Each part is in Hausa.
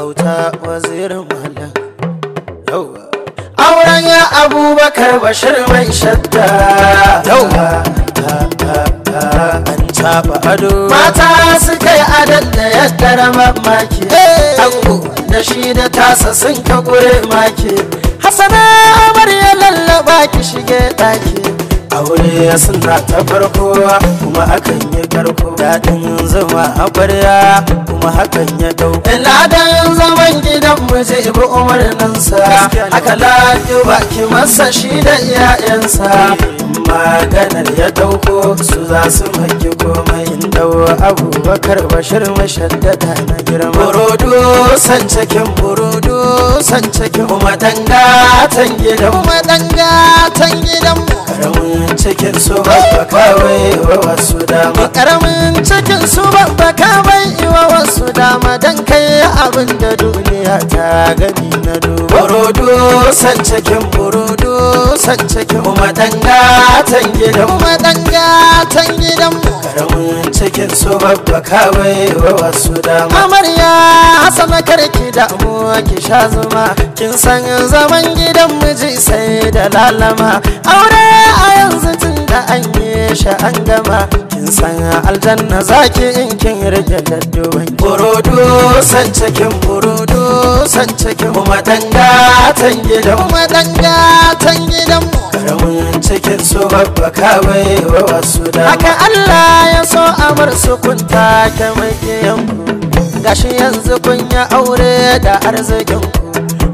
auta wazirin malam auren ya abubakar bashir mai shatta yauwa an taba ado mata su kai adon da yadda mamaki ango da shi da tasa sun ka gure maki hasana amar ya lallaba ki shige daki aure suna ta farko kuma hakan ya karko daɗin zama a ƙwarya kuma hakan ya dau ladan zaman gidan mu zai bi umarninsa aka laƙi baki masa shi da iyayensa maganar ya dauko su za su maki komai dawo abubakar bashir mashaddada na girma burudu san cikin burudu san cikin kuma danga tan gidan kuma danga mu. karamin cikin su ba kawai wa wasu wasu dama karamin cikin su babba ka bai wa wasu dama dan kai abin da duniya ta gani na duba burudu san cikin burudu san cikin kuma danga gatan gidan kuma danga gatan gidan karamin cikin su babba ka bai wa wasu dama amarya hasana karki da mu ki sha zuma kin san zaman gidan miji sai da lalama aure a yanzu tun da an yi shi an gama san aljanna zaki in kin rage daddoban burudu san cikin burudu san cikin kuma danga tan gidan kuma danga tan gidan mu karamin cikin su babba kawai wa wasu da haka Allah ya so bar su kunta ke gashi yanzu kun ya aure da arzikin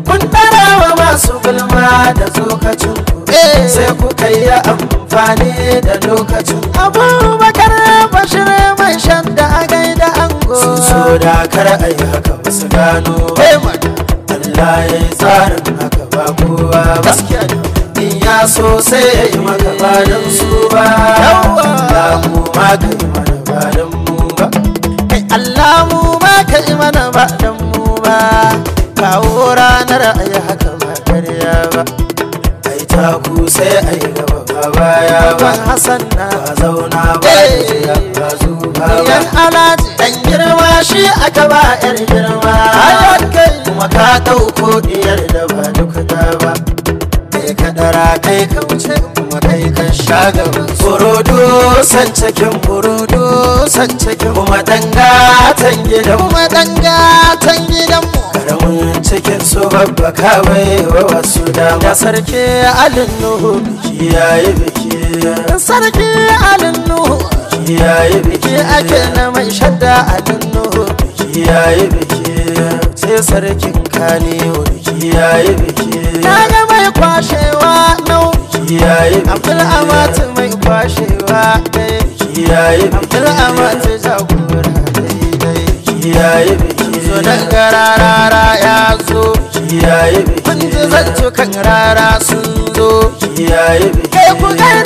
kun tarawa masu gulma da tsokacin eh. sai kuka yi amfani da lokacin abubuwa so da kar a yi haka ba su gano Allah ya yi tsarin haka ba kowa ba in ya so sai ya yi maka ba su ba Allah mu ma ka yi mana ba mu ba Allah mu ma ka yi mana ba mu ba kawo ranar a yi haka ba karya ba ai ta ku sai a yi gaba ba baya ba Hassan na ba zauna ba ya ba zuba ba yan alaji shi aka ba yar girma kuma ka ɗauko diyar da ba duka ta ba kai dara kai ka wuce kuma kai ka sha ga burudu san cikin burudu san cikin kuma danga tan gidan kuma danga tan gidan karamin cikin su babba kawai wa wasu dama sarki alin nuhu biki yayi biki sarki alin nuhu kiyaye biki ake na mai shadda alin nuhu kiyaye biki sai sarkin kaniyo kiyaye biki kaga mai kwashewa nau kiyaye abdul amatu mai kwashewa dai kiyaye abdul amatu jagora dai kiyaye biki zo da gararara ya zo kiyaye biki kun ji zanto kan rara sun zo kiyaye biki kai ku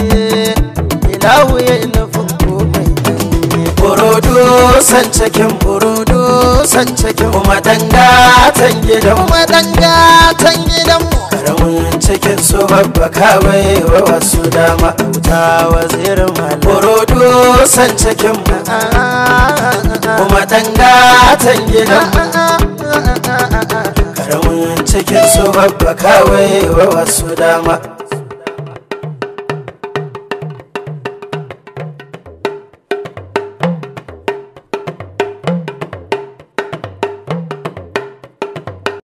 ilahu ya yi nufin komai burudu san cikin burudu san cikin kuma danga tan gidan kuma danga tan gidan karamin cikin su babba kawai wa wasu dama auta wazirin malam burudu san cikin mu kuma danga tan gidan mu karamin cikin su babba kawai wa wasu dama